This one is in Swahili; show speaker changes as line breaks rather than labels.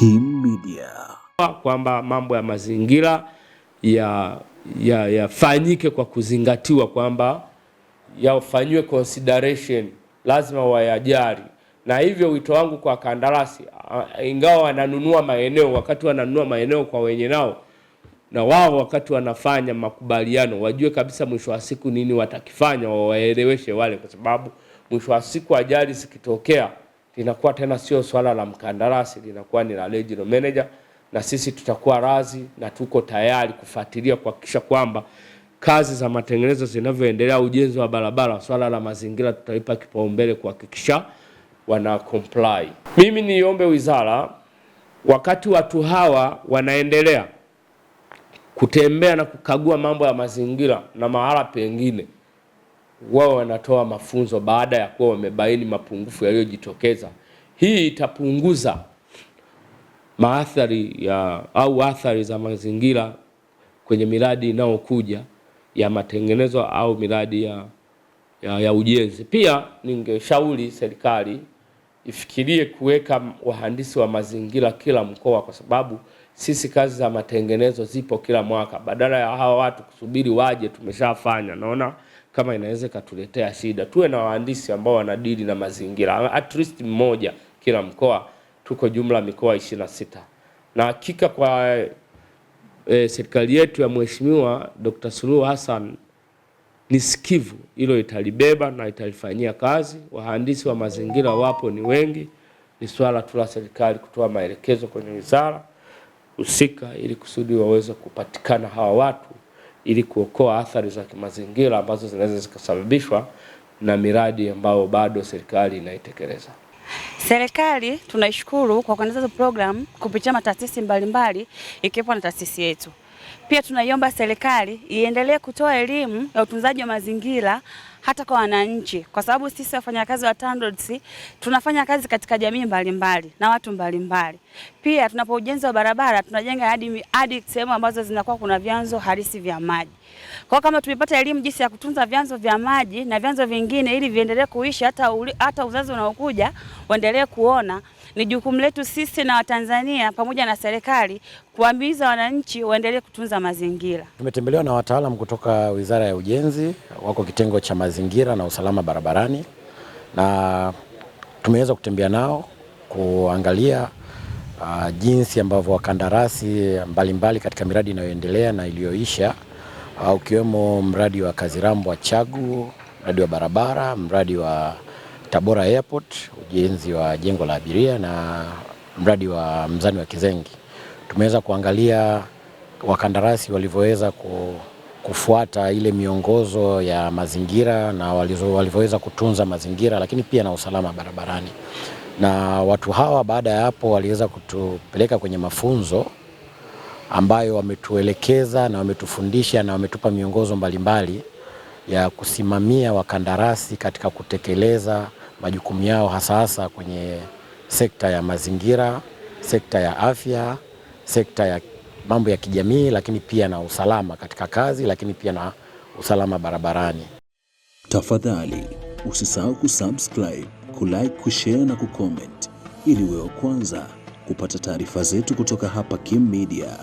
Kim Media kwamba mambo ya mazingira yafanyike ya, ya kwa kuzingatiwa kwamba yafanyiwe consideration, lazima wayajari, na hivyo wito wangu kwa kandarasi, ingawa wananunua maeneo, wakati wananunua maeneo kwa wenye nao na wao wakati wanafanya makubaliano wajue kabisa mwisho wa siku nini watakifanya, wawaeleweshe wale, kwa sababu mwisho wa siku ajali zikitokea linakuwa tena sio swala la mkandarasi, linakuwa ni la regional manager, na sisi tutakuwa razi na tuko tayari kufuatilia kuhakikisha kwamba kazi za matengenezo zinavyoendelea, ujenzi wa barabara, swala la mazingira tutaipa kipaumbele kuhakikisha wana comply. Mimi niombe wizara, wakati watu hawa wanaendelea kutembea na kukagua mambo ya mazingira na mahala pengine wao wanatoa mafunzo baada ya kuwa wamebaini mapungufu yaliyojitokeza. Hii itapunguza maathari ya au athari za mazingira kwenye miradi inayokuja ya matengenezo au miradi ya, ya, ya ujenzi. Pia ningeshauri serikali ifikirie kuweka wahandisi wa mazingira kila mkoa, kwa sababu sisi kazi za matengenezo zipo kila mwaka, badala ya hawa watu kusubiri waje tumeshafanya. Naona kama inaweza ikatuletea shida. Tuwe na wahandisi ambao wanadili na mazingira, at least mmoja kila mkoa. Tuko jumla mikoa ishirini na sita na hakika kwa e, serikali yetu ya Mheshimiwa Dr. Suluhu Hassan ni sikivu, hilo italibeba na italifanyia kazi. Wahandisi wa mazingira wapo ni wengi, ni swala tu la serikali kutoa maelekezo kwenye wizara husika ili kusudi waweze kupatikana hawa watu ili kuokoa athari za kimazingira ambazo zinaweza zikasababishwa na miradi ambayo bado serikali inaitekeleza.
Serikali tunaishukuru kwa kuendeleza program kupitia mataasisi mbalimbali ikiwepo na taasisi yetu. Pia tunaiomba serikali iendelee kutoa elimu ya utunzaji wa mazingira hata kwa wananchi, kwa sababu sisi wafanyakazi wa TANROADS tunafanya kazi katika jamii mbalimbali na watu mbalimbali Pia tunapo ujenzi wa barabara tunajenga hadi hadi sehemu ambazo zinakuwa kuna vyanzo halisi vya maji. Kwa kama tumepata elimu jinsi ya kutunza vyanzo vya maji na vyanzo vingine ili viendelee kuishi hata, hata uzazi unaokuja waendelee kuona ni jukumu letu sisi na Watanzania pamoja na serikali kuhimiza wananchi waendelee kutunza mazingira.
Tumetembelewa na wataalamu kutoka Wizara ya Ujenzi, wako kitengo cha mazingira na usalama barabarani, na tumeweza kutembea nao kuangalia uh, jinsi ambavyo wakandarasi mbalimbali mbali katika miradi inayoendelea na iliyoisha uh, ukiwemo uh, mradi wa Kazirambwa Chagu, mradi wa barabara, mradi wa Tabora Airport, ujenzi wa jengo la abiria na mradi wa mzani wa Kizengi. Tumeweza kuangalia wakandarasi walivyoweza kufuata ile miongozo ya mazingira na walivyoweza kutunza mazingira, lakini pia na usalama barabarani. Na watu hawa baada ya hapo waliweza kutupeleka kwenye mafunzo ambayo wametuelekeza na wametufundisha na wametupa miongozo mbalimbali ya kusimamia wakandarasi katika kutekeleza majukumu yao hasa hasa kwenye sekta ya mazingira, sekta ya afya, sekta ya mambo ya kijamii, lakini pia na usalama katika kazi, lakini pia na usalama barabarani. Tafadhali usisahau kusubscribe, kulike, kushare na kucomment ili wewe kwanza kupata taarifa zetu kutoka hapa Kim Media.